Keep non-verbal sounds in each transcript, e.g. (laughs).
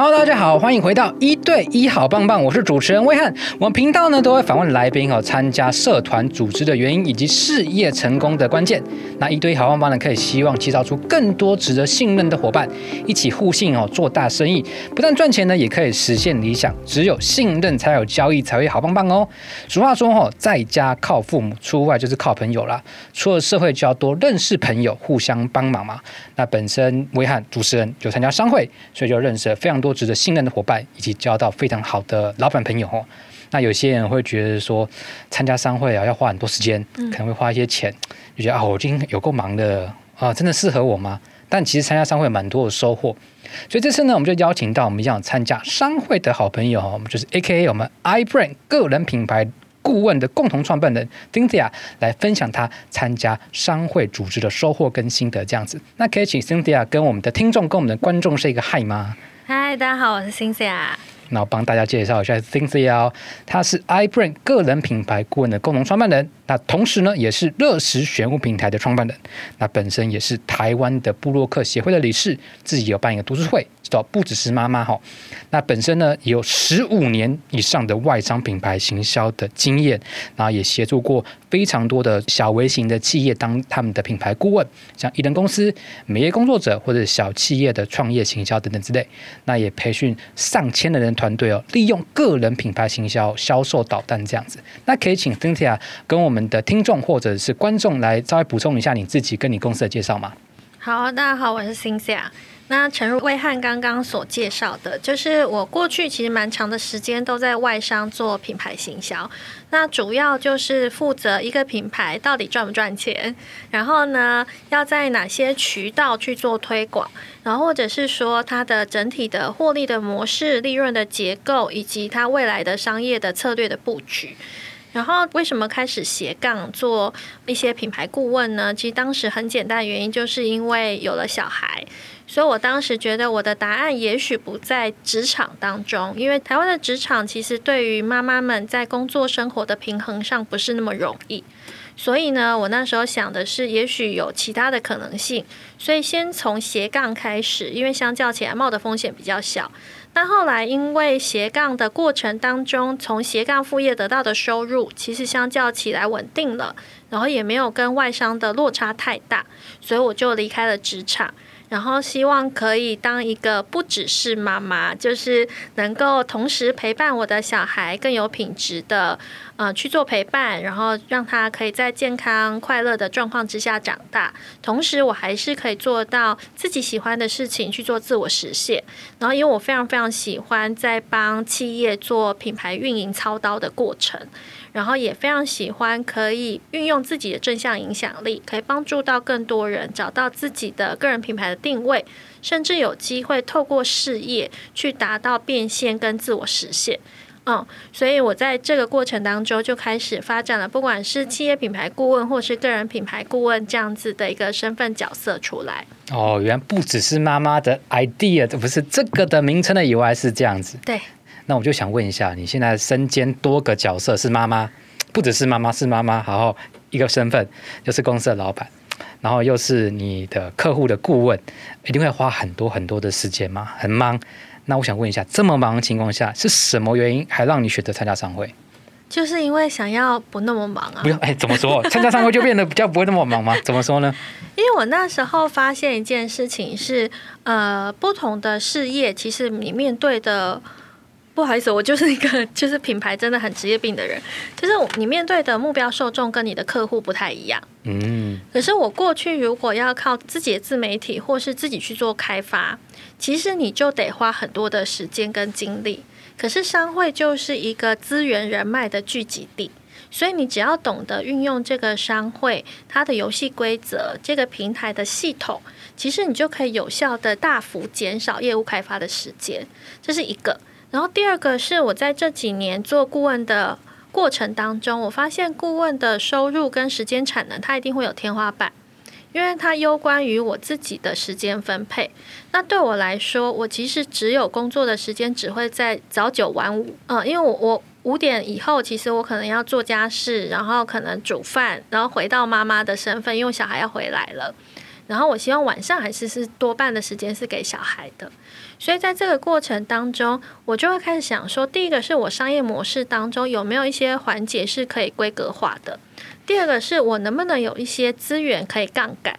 Hello，大家好，歡迎回到一對一好棒棒。我是主持人魏漢。我們頻道呢都會訪問來賓哦，參加社團組織的原因以及事業成功的關鍵。那一對一好棒棒呢，可以希望介紹出更多值得信任的夥伴，一起互信哦，做大生意。不但賺錢呢，也可以實現理想。只有信任才有交易，才會好棒棒哦。俗話說哦，在家靠父母，出外就是靠朋友啦。出了社會就要多認識朋友，互相幫忙嘛。那本身魏漢主持人就參加商會，所以就認識了非常多。多值得信任的夥伴，以及交到非常好的老闆朋友哦。那有些人會覺得說，參加商會啊要花很多時間，嗯、可能會花一些錢，就覺得啊，我今天有夠忙的啊，真的適合我嗎？但其實參加商會蠻多的收穫。所以這次呢，我們就邀請到我們一樣參加商會的好朋友，我們就是 AKA 我們 i brand 個人品牌顧問的共同創辦人 Cynthia 來分享他參加商會組織的收穫跟心得這樣子。那可以請 Cynthia 跟我們的聽眾跟我們的觀眾是一個嗨嗎？嗨，大家好，我是辛 i 亞。那我幫大家介紹一下辛西 i 哦，她是 iBrain 個人品牌顧問的共同創辦人，那同時呢，也是樂時玄物平台的創辦人。那本身也是台灣的布洛克協會的理事，自己有辦一個讀書會。不只是媽媽哈、哦。那本身呢也有十五年以上的外商品牌行銷的經驗，然後也協助過非常多的小微型的企業，當他們的品牌顧問，像一人公司、美業工作者或者小企業的創業行銷等等之類。那也培訓上千人的人團隊哦，利用個人品牌行銷銷售導彈這樣子。那可以請 Cynthia 跟我們的聽眾或者是觀眾來稍微補充一下你自己跟你公司的介紹嗎？好，大家好，我是 Cynthia 那誠如威翰剛剛所介紹的，就是我過去其實蠻長的時間都在外商做品牌行銷，那主要就是負責一個品牌到底賺不賺錢，然後呢要在哪些渠道去做推廣，然後或者是說它的整體的獲利的模式、利潤的結構，以及它未來的商業的策略的布局。然後為什麼開始斜槓做一些品牌顧問呢？其實當時很簡單，原因就是因為有了小孩。所以我當時覺得我的答案也許不在職場當中，因為台灣的職場其實對於媽媽們在工作生活的平衡上不是那麼容易。所以呢，我那時候想的是，也許有其他的可能性。所以先從斜槓開始，因為相較起來冒的風險比較小。但後來因為斜槓的過程當中，從斜槓副業得到的收入其實相較起來穩定了，然後也沒有跟外商的落差太大。所以我就離開了職場。然後希望可以當一個不只是媽媽，就是能夠同時陪伴我的小孩更有品質的，呃，去做陪伴，然後讓他可以在健康快樂的狀況之下長大。同時，我還是可以做到自己喜歡的事情，去做自我實現。然後，因為我非常非常喜歡在幫企業做品牌運營操刀的過程。然後也非常喜歡，可以運用自己的正向影響力，可以幫助到更多人找到自己的個人品牌的定位，甚至有機會透過事業去達到變現跟自我實現。嗯，所以我在這個過程當中就開始發展了，不管是企業品牌顧問或是個人品牌顧問這樣子的一個身份角色出來。哦，原來不只是媽媽的 idea，這不是這個的名稱的以外是這樣子。對。那我就想問一下，你現在身兼多個角色，是媽媽，不只是媽媽，是媽媽，然後一個身份就是公司的老闆，然後又是你的客戶的顧問，一定會花很多很多的時間嗎？很忙。那我想問一下，這麼忙的情況下，是什麼原因還讓你選擇參加商會？就是因為想要不那麼忙啊。不要哎，怎麼說？參加商會就變得比較不會那麼忙嗎？怎麼說呢？因為我那時候發現一件事情是，呃，不同的事業其實你面對的。不好意思，我就是一個就是品牌真的很職業病的人。就是你面對的目標受眾跟你的客戶不太一樣。嗯，可是我過去如果要靠自己的自媒體或是自己去做開發，其實你就得花很多的時間跟精力。可是商會就是一個資源人脈的聚集地，所以你只要懂得運用這個商會它的遊戲規則、這個平台的系統，其實你就可以有效的大幅減少業務開發的時間。這是一個。然後第二個是我在這幾年做顧問的過程當中，我發現顧問的收入跟時間產能，它一定會有天花板，因為它攸關於我自己的時間分配。那對我來說，我其實只有工作的時間只會在早九晚五，嗯、呃，因為我我五點以後，其實我可能要做家事，然後可能煮飯，然後回到媽媽的身份，因為小孩要回來了。然後我希望晚上還是是多半的時間是給小孩的，所以在這個過程當中，我就會開始想說，第一個是我商業模式當中有沒有一些環節是可以規格化的，第二個是我能不能有一些資源可以槓桿，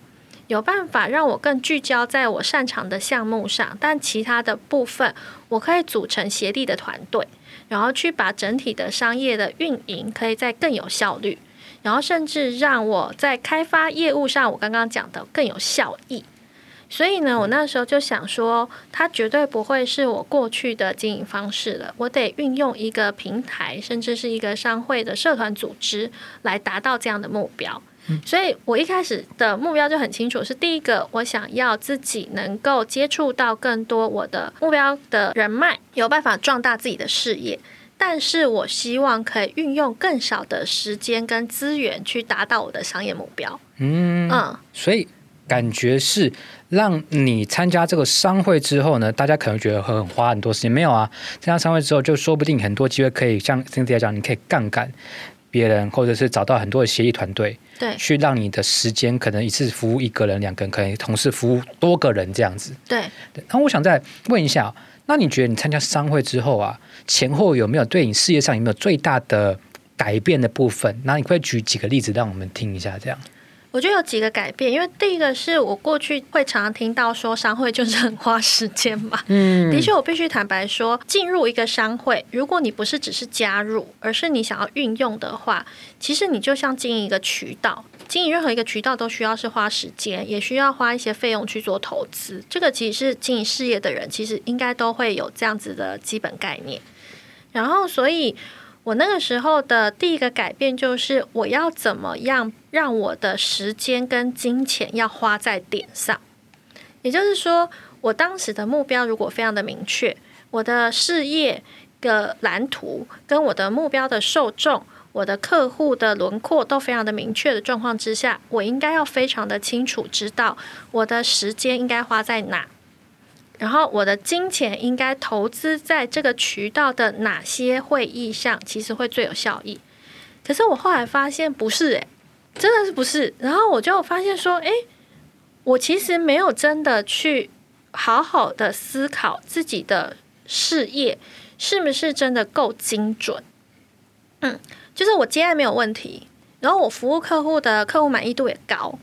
有辦法讓我更聚焦在我擅長的項目上，但其他的部分我可以組成協力的團隊，然後去把整體的商業的運營可以再更有效率。然後甚至讓我在開發業務上，我剛剛講的更有效益。所以呢，我那時候就想說，它絕對不會是我過去的經營方式了。我得運用一個平台，甚至是一個商會的社團組織，來達到這樣的目標。所以我一開始的目標就很清楚，是第一個，我想要自己能夠接觸到更多我的目標的人脈，有辦法壯大自己的事業。但是我希望可以運用更少的時間跟資源去達到我的商業目標。嗯嗯，所以感覺是讓你參加這個商會之後呢，大家可能覺得很花很多時間。沒有啊，參加商會之後就說不定很多機會可以像 Cynthia 來講，你可以槓桿別人，或者是找到很多的協力團隊，對，去讓你的時間可能一次服務一個人、兩個人，可以同時服務多個人這樣子。對，那我想再問一下啊。那你覺得你參加商會之後啊，前後有沒有對你事業上有沒有最大的改變的部分？那你可以舉幾個例子讓我們聽一下，這樣。我覺得有幾個改變，因為第一個是我過去會常常聽到說商會就是很花時間嘛，嗯，的確我必須坦白說，進入一個商會，如果你不是只是加入，而是你想要運用的話，其實你就像經營一個渠道。經營任何一個渠道，都需要是花時間，也需要花一些費用去做投資。這個其實是經營事業的人，其實應該都會有這樣子的基本概念。然後，所以我那個時候的第一個改變就是，我要怎麼樣讓我的時間跟金錢要花在點上。也就是說，我當時的目標如果非常的明確，我的事業的藍圖跟我的目標的受眾。我的客戶的輪廓都非常的明確的狀況之下，我應該要非常的清楚知道我的時間應該花在哪，然後我的金錢應該投資在這個渠道的哪些會議上，其實會最有效益。可是我後來發現不是誒，真的是不是？然後我就發現說，誒，我其實沒有真的去好好的思考自己的事業是不是真的夠精準。嗯。就是我接案，沒有問題，然後我服務客戶的客戶滿意度也高，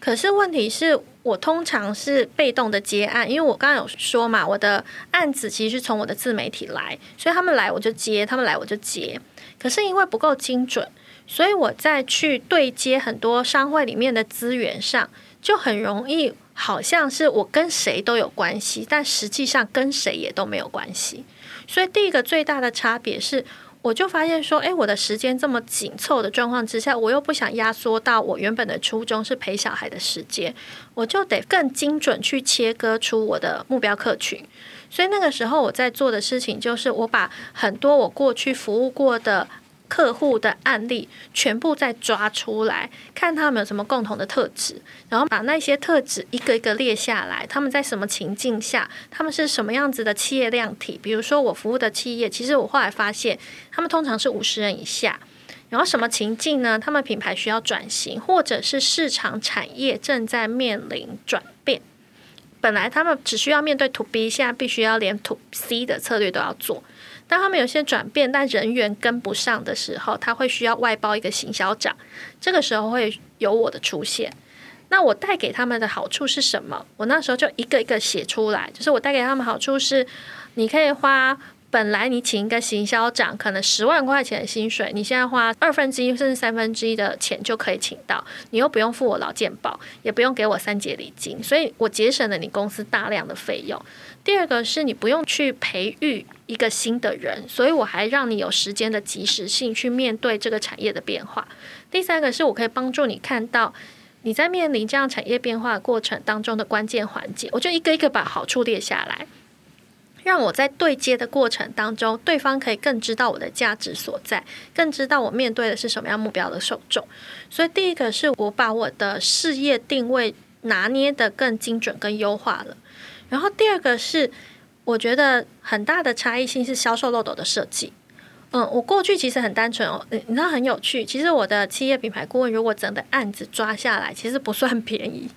可是問題是我通常是被動的接案，因為我剛剛有說嘛，我的案子其實是從我的自媒體來，所以他們來我就接，他們來我就接，可是因為不夠精準，所以我再去對接很多商會裡面的資源上，就很容易好像是我跟誰都有關係，但實際上跟誰也都沒有關係，所以第一個最大的差別是。我就發現說，哎，我的時間這麼緊湊的狀況之下，我又不想壓縮到我原本的初衷是陪小孩的時間，我就得更精準去切割出我的目標客群。所以那個時候我在做的事情就是，我把很多我過去服務過的。客戶的案例全部再抓出來，看他們有什麼共同的特質，然後把那些特質一個一個列下來。他們在什麼情境下？他們是什麼樣子的企業量體？比如說我服務的企業，其實我後來發現，他們通常是五十人以下。然後什麼情境呢？他們品牌需要轉型，或者是市場產業正在面臨轉變。本來他們只需要面對 To B，現在必須要連 To C 的策略都要做。當他們有些轉變，但人員跟不上的時候，他會需要外包一個行銷長，這個時候會有我的出現。那我帶給他們的好處是什麼？我那時候就一個一個寫出來，就是我帶給他們好處是：你可以花本來你請一個行銷長可能十萬塊錢的薪水，你現在花二分之一甚至三分之一的錢就可以請到，你又不用付我勞健保，也不用給我三節禮金，所以我節省了你公司大量的費用。第二個是你不用去培育一個新的人，所以我還讓你有時間的及時性去面對這個產業的變化。第三個是我可以幫助你看到你在面臨這樣產業變化的過程當中的關鍵環節。我就一個一個把好處列下來，讓我在對接的過程當中，對方可以更知道我的價值所在，更知道我面對的是什麼樣目標的受眾。所以第一個是我把我的事業定位拿捏得更精準、更優化了。然後第二個是，我覺得很大的差異性是銷售漏斗的設計。嗯，我過去其實很單純哦，你知道很有趣。其實我的企業品牌顧問，如果整的案子抓下來，其實不算便宜。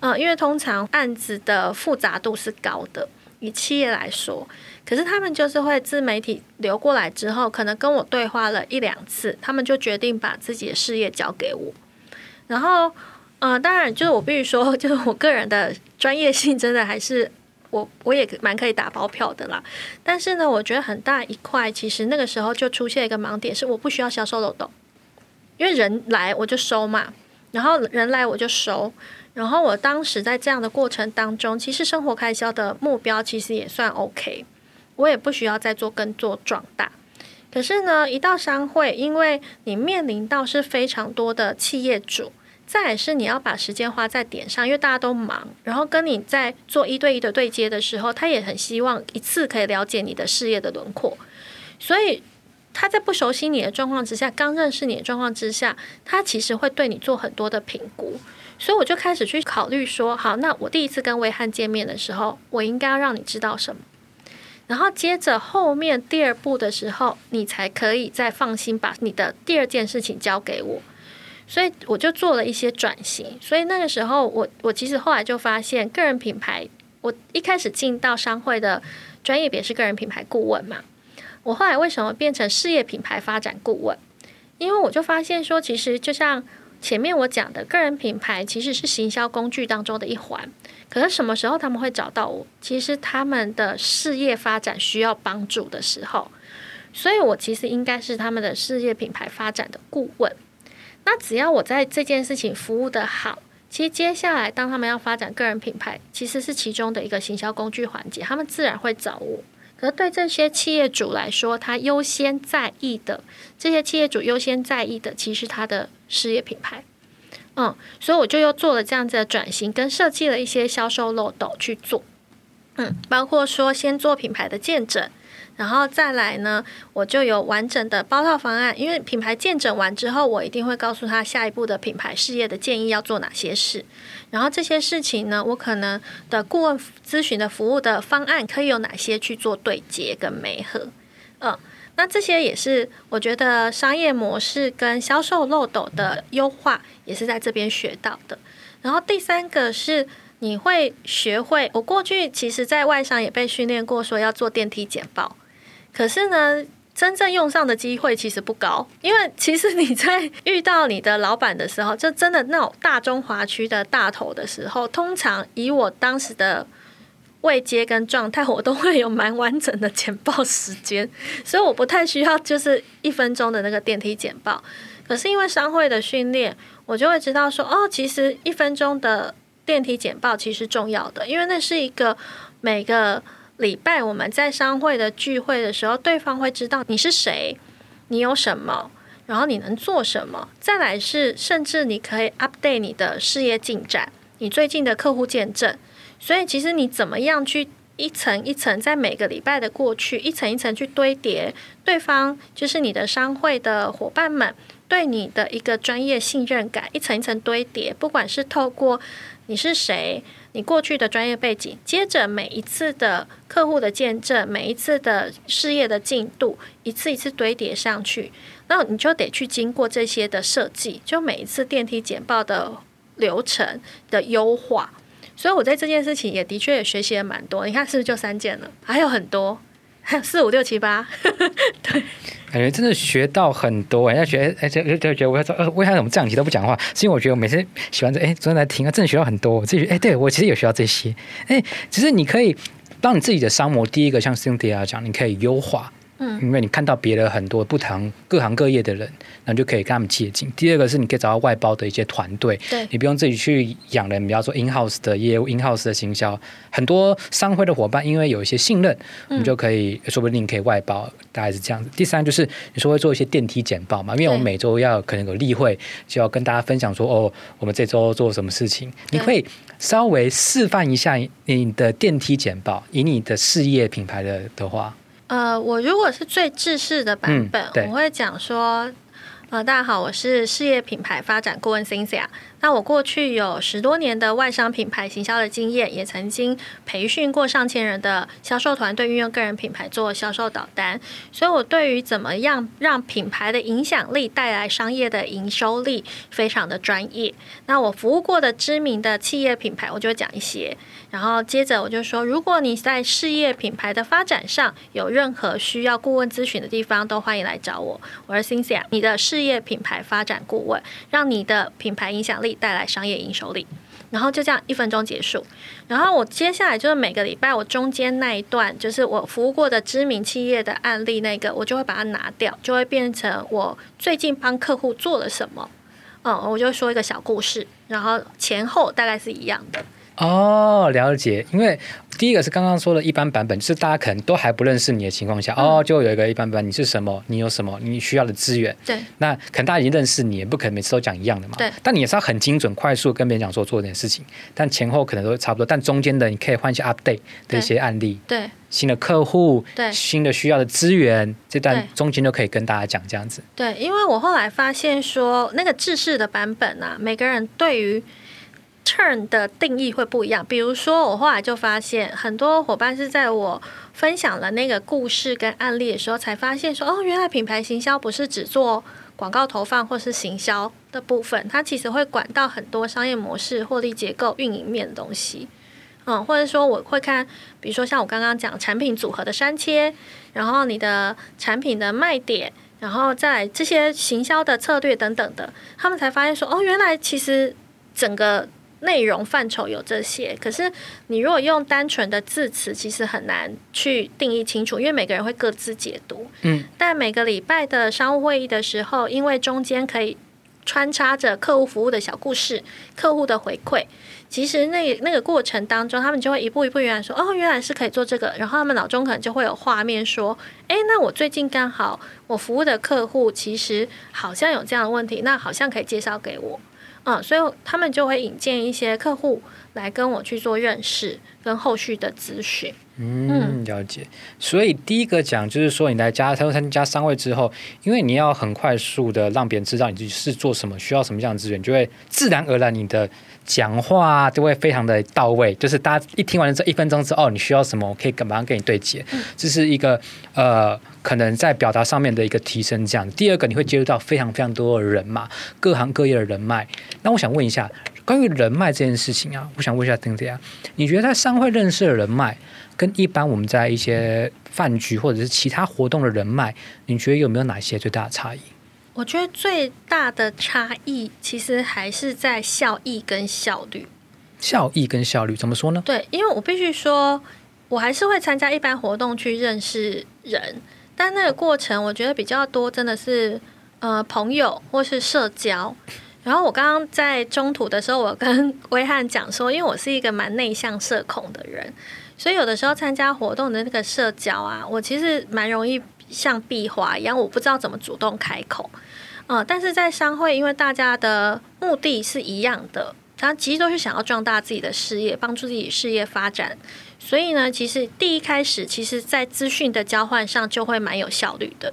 嗯，因為通常案子的複雜度是高的，以企業來說，可是他們就是會自媒體流過來之後，可能跟我對話了一兩次，他們就決定把自己的事業交給我。然後。嗯，當然，就是我必須說，就是我個人的專業性真的還是我我也蠻可以打包票的啦。但是呢，我覺得很大一塊，其實那個時候就出現一個盲點，是我不需要銷售漏洞，因為人來我就收嘛，然後人來我就收，然後我當時在這樣的過程當中，其實生活開銷的目標其實也算 OK，我也不需要再做跟做壯大。可是呢，一到商會，因為你面臨到是非常多的企業主。再是你要把時間花在點上，因為大家都忙，然後跟你在做一對一的對接的時候，他也很希望一次可以了解你的事業的輪廓，所以他在不熟悉你的狀況之下，剛認識你的狀況之下，他其實會對你做很多的評估，所以我就開始去考慮說，好，那我第一次跟威漢見面的時候，我應該要讓你知道什麼，然後接着後面第二步的時候，你才可以再放心把你的第二件事情交給我。所以我就做了一些轉型。所以那個時候我，我我其實後來就發現，個人品牌，我一開始進到商會的專業別是個人品牌顧問嘛。我後來為什麼變成事業品牌發展顧問？因為我就發現說，其實就像前面我講的，個人品牌其實是行銷工具當中的一環。可是什麼時候他們會找到我？其實他們的事業發展需要幫助的時候，所以我其實應該是他們的事業品牌發展的顧問。那只要我在這件事情服務的好，其實接下來當他們要發展個人品牌，其實是其中的一個行銷工具環節，他們自然會找我。可是對這些企業主來說，他優先在意的，這些企業主優先在意的，其實他的事業品牌。嗯，所以我就又做了這樣子的轉型，跟設計了一些銷售漏斗去做。嗯，包括說先做品牌的見證。然後再來呢，我就有完整的包套方案，因為品牌鑑診完之後，我一定會告訴他下一步的品牌事業的建議要做哪些事，然後這些事情呢，我可能的顧問諮詢的服務的方案可以有哪些去做對接跟媒合，嗯，那這些也是我覺得商業模式跟銷售漏斗的優化也是在這邊學到的。然後第三個是你會學會，我過去其實在外商也被訓練過，說要做電梯簡報。可是呢，真正用上的機會其實不高，因為其實你在遇到你的老闆的時候，就真的那種大中華區的大頭的時候，通常以我當時的位階跟狀態，我都會有蠻完整的簡報時間，所以我不太需要就是一分鐘的那個電梯簡報。可是因為商會的訓練，我就會知道說，哦，其實一分鐘的電梯簡報其實重要的，因為那是一個每個。禮拜我們在商會的聚會的時候，對方會知道你是誰，你有什麼，然後你能做什麼。再來是甚至你可以 update 你的事業進展，你最近的客戶見證。所以其實你怎麼樣去一層一層在每個禮拜的過去一層一層去堆疊，對方就是你的商會的夥伴們對你的一個專業信任感一層一層堆疊，不管是透過你是誰，你過去的專業背景，接着每一次的客戶的見證，每一次的事業的進度，一次一次堆疊上去，那你就得去經過這些的設計，就每一次電梯簡報的流程的優化。所以我在這件事情也的確也學習了蠻多。你看是不是就三件了？還有很多。四五六七八， (laughs) 對，感覺、哎，真的學到很多。要學，哎，就就就覺得我要說，呃，為什麼這兩集都不講話？是因為我覺得我每次喜歡這，哎，昨天來聽啊，真的學到很多。我自己覺，哎，對我其實也學到這些。哎，其實你可以當你自己的商模，第一個像 Cynthia 講，你可以優化。嗯，因為你看到別的很多不同各行各業的人，那就可以跟他們接近。第二個是你可以找到外包的一些團隊，對你不用自己去養人，比方說 in house 的業務，in house 的行銷。很多商會的伙伴因為有一些信任，嗯、你就可以說不定你可以外包，大概是這樣子。第三個就是你說會做一些電梯簡報嘛，因為我們每周要對可能有例會，就要跟大家分享說哦，我們這周做什麼事情，對你可以稍微示範一下你的電梯簡報，以你的事業品牌的的話。呃，我如果是最制式的版本，嗯、我會講說，呃，大家好，我是事業品牌發展顧問 Cynthia 那我過去有十多年的外商品牌行銷的經驗，也曾經培訓過上千人的銷售團隊運用個人品牌做銷售導單，所以我對於怎麼樣讓品牌的影響力帶來商業的營收力非常的專業。那我服務過的知名的企業品牌，我就講一些。然後接着我就說，如果你在事業品牌的發展上有任何需要顧問諮詢的地方，都歡迎來找我。我是 Cynthia，你的事業品牌發展顧問，讓你的品牌影響力。帶來商業營收力，然後就這樣一分鐘結束。然後我接下來就是每個禮拜我中間那一段，就是我服務過的知名企業的案例那個，我就會把它拿掉，就會變成我最近幫客戶做了什麼。嗯，我就說一個小故事，然後前後大概是一樣的。哦，了解。因為第一個是剛剛說的一般版本，就是大家可能都還不認識你的情況下，嗯、哦，就有一個一般版，你是什麼，你有什麼，你需要的資源。對。那可能大家已經認識你，也不可能每次都講一樣的嘛。對。但你也是要很精準、快速跟別人講說做這件事情，但前後可能都差不多，但中間的你可以換一些 update 的一些案例，對，對，新的客戶，對，新的需要的資源，這段中間都可以跟大家講這樣子。對，因為我後來發現說那個製式的版本啊，每個人對於。人的定義會不一樣。比如說，我後來就發現，很多夥伴是在我分享了那個故事跟案例的時候，才發現說，哦，原來品牌行銷不是只做廣告投放或是行銷的部分，它其實會管到很多商業模式、獲利結構、運營面的東西。嗯，或者說我會看，比如說像我剛剛講產品組合的刪切，然後你的產品的賣點，然後在這些行銷的策略等等的，他們才發現說，哦，原來其實整個內容範疇有這些，可是你如果用單純的字詞，其實很難去定義清楚，因為每個人會各自解讀。嗯，但每個禮拜的商務會議的時候，因為中間可以穿插着客戶服務的小故事、客戶的回饋，其實那那個過程當中，他們就會一步一步原來說，哦，原來是可以做這個，然後他們腦中可能就會有畫面說，誒，那我最近剛好我服務的客戶其實好像有這樣的問題，那好像可以介紹給我。嗯，所以他們就會引薦一些客戶來跟我去做認識跟後續的諮詢。嗯，了解。所以第一個講就是說，你來加他，他加三位之後，因為你要很快速的讓別人知道你自己是做什麼，需要什麼樣的資源，就會自然而然你的。講話就會非常的到位，就是大家一聽完這一分鐘之後，你需要什麼，我可以馬上跟你對接。這是一個呃，可能在表達上面的一個提升。這樣，第二個你會接觸到非常非常多的人嘛，各行各業的人脈。那我想問一下，關於人脈這件事情啊，我想問一下丁澤你覺得在商會認識的人脈，跟一般我們在一些飯局或者是其他活動的人脈，你覺得有沒有哪些最大的差異？我覺得最大的差異其實還是在效益跟效率。效益跟效率怎麼說呢？對，因為我必須說，我還是會參加一般活動去認識人，但那個過程我覺得比較多真的是呃朋友或是社交。然後我剛剛在中途的時候，我跟威漢講說，因為我是一個蠻內向社恐的人，所以有的時候參加活動的那個社交啊，我其實蠻容易像壁花一樣，我不知道怎麼主動開口。嗯、呃，但是在商會，因為大家的目的是一樣的，他其實都是想要壯大自己的事業，幫助自己事業發展。所以呢，其實第一開始，其實在資訊的交換上就會蠻有效率的。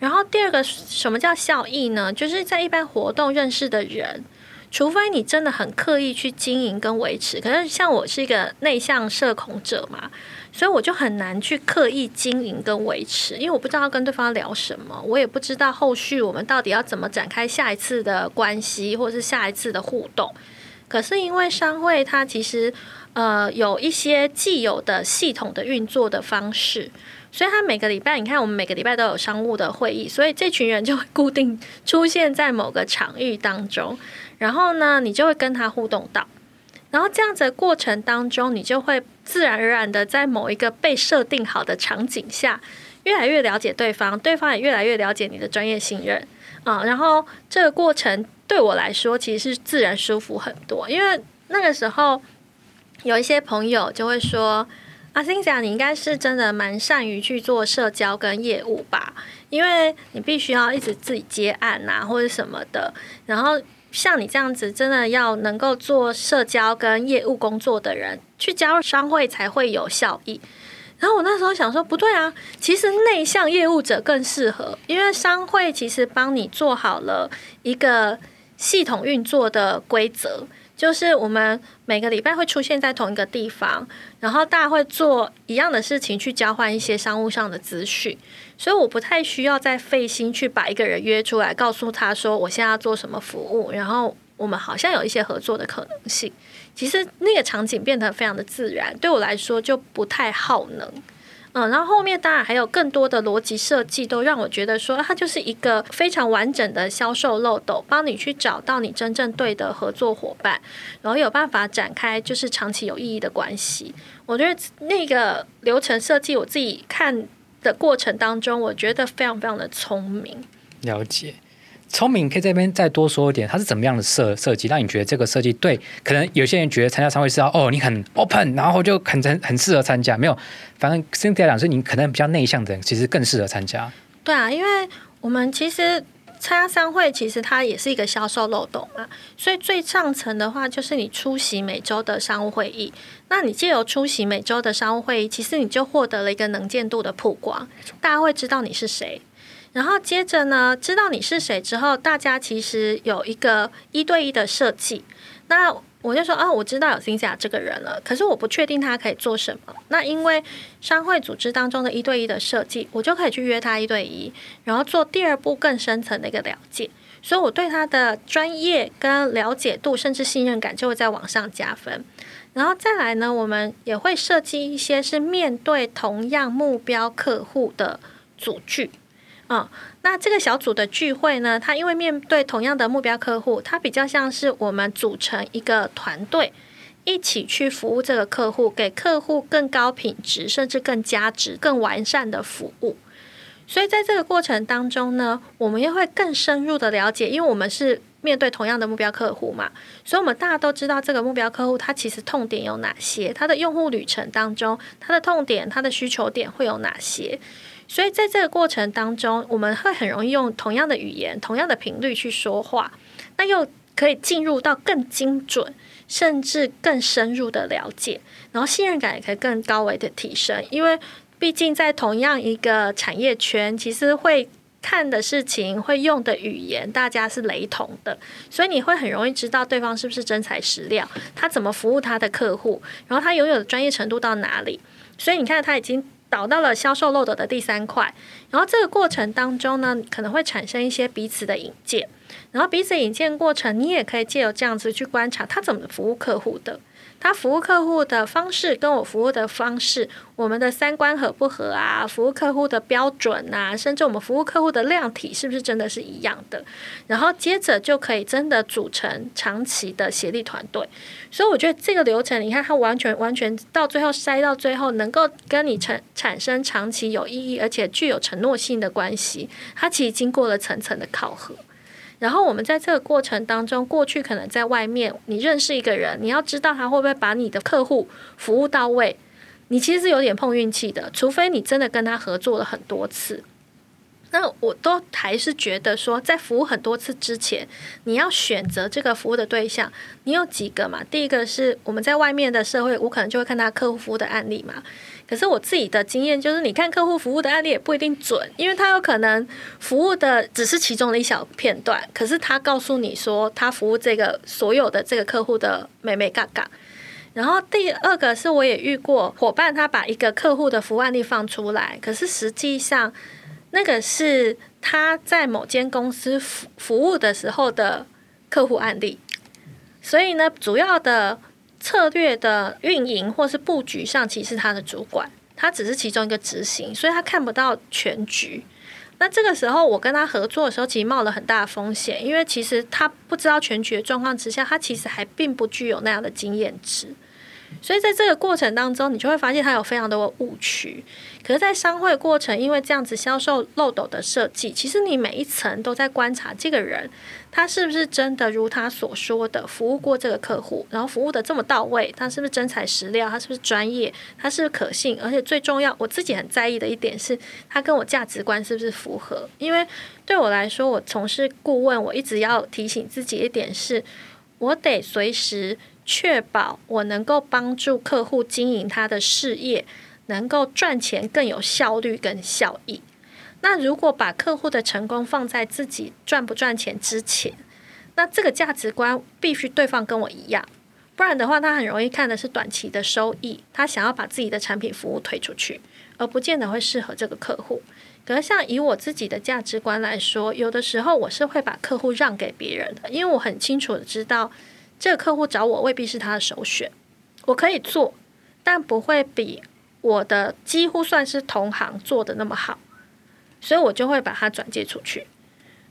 然後第二個，什麼叫效益呢？就是在一般活動認識的人，除非你真的很刻意去經營跟維持，可是像我是一個內向社恐者嘛。所以我就很難去刻意經營跟維持，因為我不知道要跟對方聊什麼，我也不知道後續我們到底要怎麼展開下一次的關係，或是下一次的互動。可是因為商會它其實呃有一些既有的系統的運作的方式，所以他每個禮拜，你看我們每個禮拜都有商務的會議，所以這群人就會固定出現在某個場域當中，然後呢，你就會跟他互動到。然後這樣子的過程當中，你就會自然而然的在某一個被設定好的場景下，越來越了解對方，對方也越來越了解你的專業信任啊、嗯。然後這個過程對我來說，其實是自然舒服很多，因為那個時候有一些朋友就會說：“阿馨、啊，姐，你應該是真的蠻善於去做社交跟業務吧？因為你必須要一直自己接案吶、啊，或者什麼的。”然後。像你這樣子，真的要能夠做社交跟業務工作的人，去加入商會才會有效益。然後我那時候想說，不對啊，其實內向業務者更適合，因為商會其實幫你做好了一個系統運作的規則。就是我們每個禮拜會出現在同一個地方，然後大家會做一樣的事情，去交換一些商務上的資訊，所以我不太需要再費心去把一個人約出來，告訴他說我現在要做什麼服務，然後我們好像有一些合作的可能性。其實那個場景變得非常的自然，對我來說就不太耗能。嗯，然後後面當然還有更多的邏輯設計，都讓我覺得說它就是一個非常完整的銷售漏斗，幫你去找到你真正對的合作夥伴，然後有辦法展開就是長期有意義的關係。我覺得那個流程設計，我自己看的過程當中，我覺得非常非常的聰明。了解。聰明可以這邊再多說一點，它是怎麼樣的設設計？讓你覺得這個設計對？可能有些人覺得參加商會是哦，你很 open，然後就很很很適合參加。沒有，反正現在來講，是你可能比較內向的人，其實更適合參加。對啊，因為我們其實參加商會，其實它也是一個銷售漏斗嘛。所以最上層的話，就是你出席每周的商務會議，那你借由出席每周的商務會議，其實你就獲得了一個能見度的曝光，大家會知道你是誰。然後接着呢，知道你是誰之後，大家其實有一個一對一的設計。那我就說哦、啊，我知道有馨儀這個人了，可是我不確定他可以做什麼。那因為商會組織當中的一對一的設計，我就可以去約他一對一，然後做第二步更深層的一個了解。所以我對他的專業跟了解度，甚至信任感就會再往上加分。然後再來呢，我們也會設計一些是面對同樣目標客戶的組句。嗯、哦，那這個小組的聚會呢，它因為面對同樣的目標客戶，它比較像是我們組成一個團隊，一起去服務這個客戶，給客戶更高品質，甚至更加值、更完善的服務。所以在這個過程當中呢，我們又會更深入的了解，因為我們是面對同樣的目標客戶嘛，所以我們大家都知道這個目標客戶他其實痛點有哪些，他的用戶旅程當中他的痛點、他的需求點會有哪些。所以在這個過程當中，我們會很容易用同樣的語言、同樣的頻率去說話，那又可以進入到更精準、甚至更深入的了解，然後信任感也可以更高維的提升。因為畢竟在同樣一個產業圈，其實會看的事情、會用的語言，大家是雷同的，所以你會很容易知道對方是不是真材實料，他怎麼服務他的客戶，然後他擁有的專業程度到哪裡。所以你看，他已經。導到了銷售漏斗的第三塊，然後這個過程當中呢，可能會產生一些彼此的引薦，然後彼此引薦的過程，你也可以借由這樣子去觀察他怎麼服務客戶的。他服務客戶的方式跟我服務的方式，我們的三觀合不合啊？服務客戶的標準啊，甚至我們服務客戶的量體是不是真的是一樣的？然後接着就可以真的組成長期的協力團隊。所以我覺得這個流程，你看，它完全完全到最後篩到最後，能夠跟你成產生長期有意義而且具有承諾性的關係，它其實經過了層層的考核。然後我們在這個過程當中，過去可能在外面，你認識一個人，你要知道他會不會把你的客戶服務到位，你其實是有點碰運氣的，除非你真的跟他合作了很多次。那我都還是覺得說，在服務很多次之前，你要選擇這個服務的對象，你有幾個嘛？第一個是我們在外面的社會，我可能就會看他客戶服務的案例嘛。可是我自己的經驗就是，你看客戶服務的案例也不一定準，因為他有可能服務的只是其中的一小片段，可是他告訴你說他服務這個所有的這個客戶的美美嘎嘎。然後第二個是我也遇過夥伴，他把一個客戶的服務案例放出來，可是實際上那個是他在某間公司服服務的時候的客戶案例。所以呢，主要的。策略的運營或是布局上，其實是他的主管，他只是其中一個執行，所以他看不到全局。那這個時候，我跟他合作的時候，其實冒了很大的風險，因為其實他不知道全局的狀況之下，他其實還並不具有那樣的經驗值。所以在這個過程當中，你就會發現他有非常多的誤區。可是，在商會過程，因為這樣子銷售漏斗的設計，其實你每一層都在觀察這個人。他是不是真的如他所說的服務過這個客戶？然後服務的這麼到位，他是不是真材實料？他是不是專業？他是不是可信？而且最重要，我自己很在意的一點是，他跟我價值觀是不是符合？因為對我來說，我從事顧問，我一直要提醒自己一點是，我得隨時確保我能夠幫助客戶經營他的事業，能夠賺錢更有效率跟效益。那如果把客戶的成功放在自己賺不賺錢之前，那這個價值觀必須對方跟我一樣，不然的話，他很容易看的是短期的收益，他想要把自己的產品服務推出去，而不見得會適合這個客戶。可是像以我自己的價值觀來說，有的時候我是會把客戶讓給別人的，因為我很清楚的知道，這個客戶找我未必是他的首選，我可以做，但不會比我的幾乎算是同行做的那麼好。所以我就會把它轉接出去，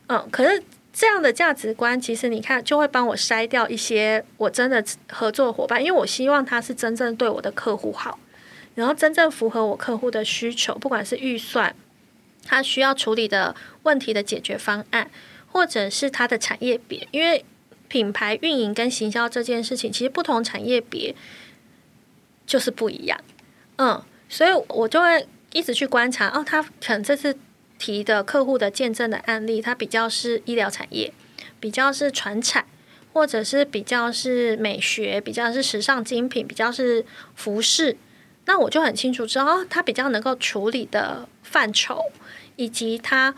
嗯，可是這樣的價值觀，其實你看就會幫我篩掉一些我真的合作夥伴，因為我希望他是真正對我的客戶好，然後真正符合我客戶的需求，不管是預算，他需要處理的問題的解決方案，或者是他的產業別，因為品牌運營跟行銷這件事情，其實不同產業別就是不一樣，嗯，所以我就會一直去觀察，哦，他可能這次。提的客戶的見證的案例，它比較是醫療產業，比較是傳產，或者是比較是美學，比較是時尚精品，比較是服飾。那我就很清楚知道，它、哦、比較能夠處理的範疇，以及它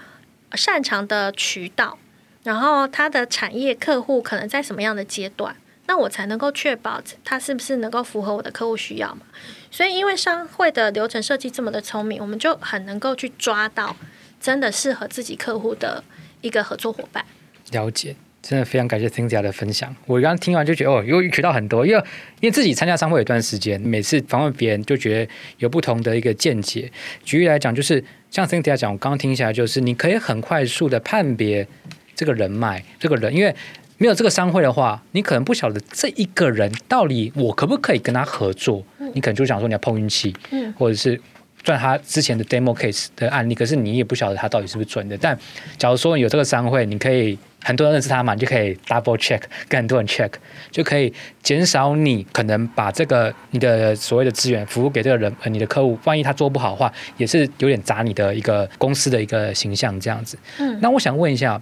擅長的渠道，然後它的產業客戶可能在什麼樣的階段，那我才能夠確保它是不是能夠符合我的客戶需要嘛？所以，因為商會的流程設計這麼的聰明，我們就很能夠去抓到。真的適合自己客戶的一個合作夥伴。了解，真的非常感謝 Cynthia 的分享。我剛剛聽完就覺得哦，又學到很多，因為因為自己參加商會有一段時間，每次訪問別人就覺得有不同的一個見解。舉例來講，就是像 Cynthia 講，我剛剛聽起來就是你可以很快速的判別這個人脈，這個人，因為沒有這個商會的話，你可能不曉得這一個人到底我可不可以跟他合作，嗯、你可能就想說你要碰運氣，嗯、或者是。賺他之前的 demo case 的案例，可是你也不曉得他到底是不是準的。但假如說你有這個商會，你可以很多人認識他嘛，你就可以 double check 跟很多人 check，就可以減少你可能把這個你的所謂的資源服務給這個人，呃、你的客戶，萬一他做不好的話，也是有點砸你的一個公司的一個形象這樣子。嗯，那我想問一下，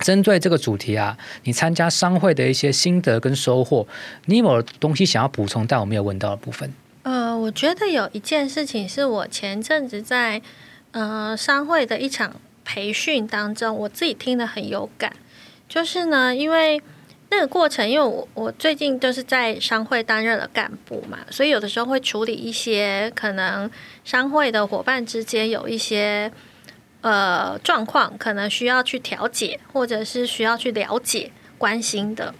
針對這個主題啊，你參加商會的一些心得跟收穫，你有沒有東西想要補充？但我沒有問到的部分。呃，我覺得有一件事情是我前陣子在呃商會的一場培訓當中，我自己聽得很有感。就是呢，因為那個過程，因為我我最近就是在商會擔任了幹部嘛，所以有的時候會處理一些可能商會的夥伴之間有一些呃狀況，可能需要去調解，或者是需要去了解、關心的。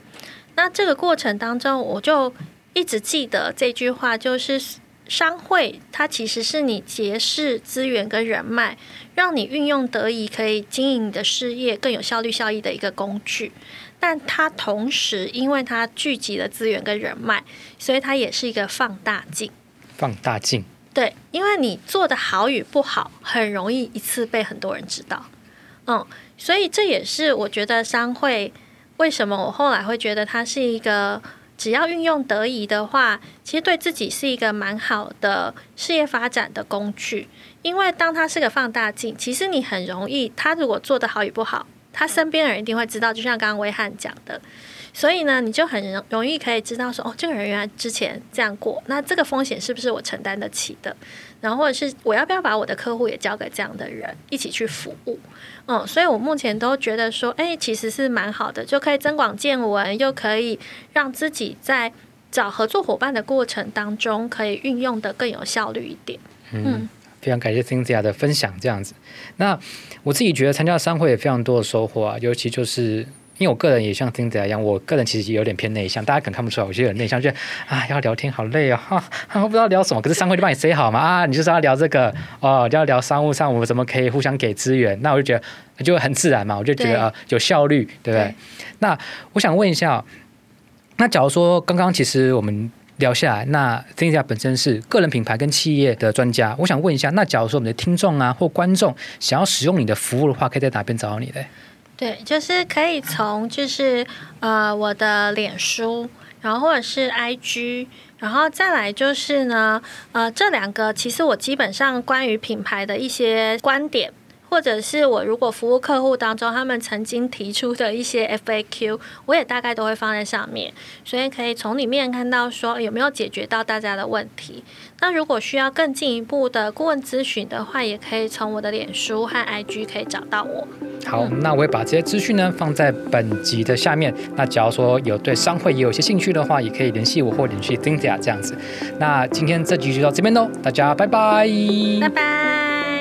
那這個過程當中，我就。一直記得這句話，就是商會它其實是你結識資源跟人脈，讓你運用得以可以經營你的事業更有效率效益的一個工具。但它同時，因為它聚集了資源跟人脈，所以它也是一個放大鏡。放大鏡。對，因為你做得好與不好，很容易一次被很多人知道。嗯，所以這也是我覺得商會為什麼我後來會覺得它是一個。只要運用得宜的話，其實對自己是一個蠻好的事業發展的工具。因為當它是個放大鏡，其實你很容易，他如果做得好與不好，他身邊人一定會知道。就像剛剛威翰講的。所以呢，你就很容容易可以知道說，哦，這個人原來之前這樣過，那這個風險是不是我承擔得起的？然後或者是我要不要把我的客戶也交給這樣的人一起去服務？嗯，所以我目前都覺得說，誒，其實是蠻好的，就可以增廣見聞，又可以讓自己在找合作夥伴的過程當中，可以運用的更有效率一點。嗯，非常感謝 Cynthia 的分享，這樣子。那我自己覺得參加商會也非常多的收穫啊，尤其就是。因為我個人也像 Cynthia 一樣，我個人其實也有點偏內向，大家可能看不出來，我就有點內向，覺得啊要聊天好累，哦、啊，啊，我不知道聊什麼，可是商會就幫你塞好嘛啊，你就是要聊這個哦，要聊商務上，我們怎麼可以互相給資源？那我就覺得就很自然嘛，我就覺得有效率，對，對不對？對，那我想問一下，那假如說剛剛其實我們聊下來，那 Cynthia 本身是個人品牌跟企業的專家，我想問一下，那假如說我們的聽眾啊或觀眾想要使用你的服務的話，可以在哪邊找到你的？的對，就是可以從就是呃我的臉書，然後或者是 IG，然後再來就是呢呃這兩個，其實我基本上關於品牌的一些觀點，或者是我如果服務客戶當中他們曾經提出的一些 FAQ，我也大概都會放在上面，所以可以從裡面看到說有沒有解決到大家的問題。那如果需要更進一步的顧問諮詢的話，也可以從我的臉書和 IG 可以找到我，嗯。好，那我會把這些資訊呢放在本集的下面。那假如說有對商會也有一些興趣的話，也可以聯繫我，或者聯繫 Cynthia 這樣子。那今天這集就到這邊嘍，大家拜拜，拜拜。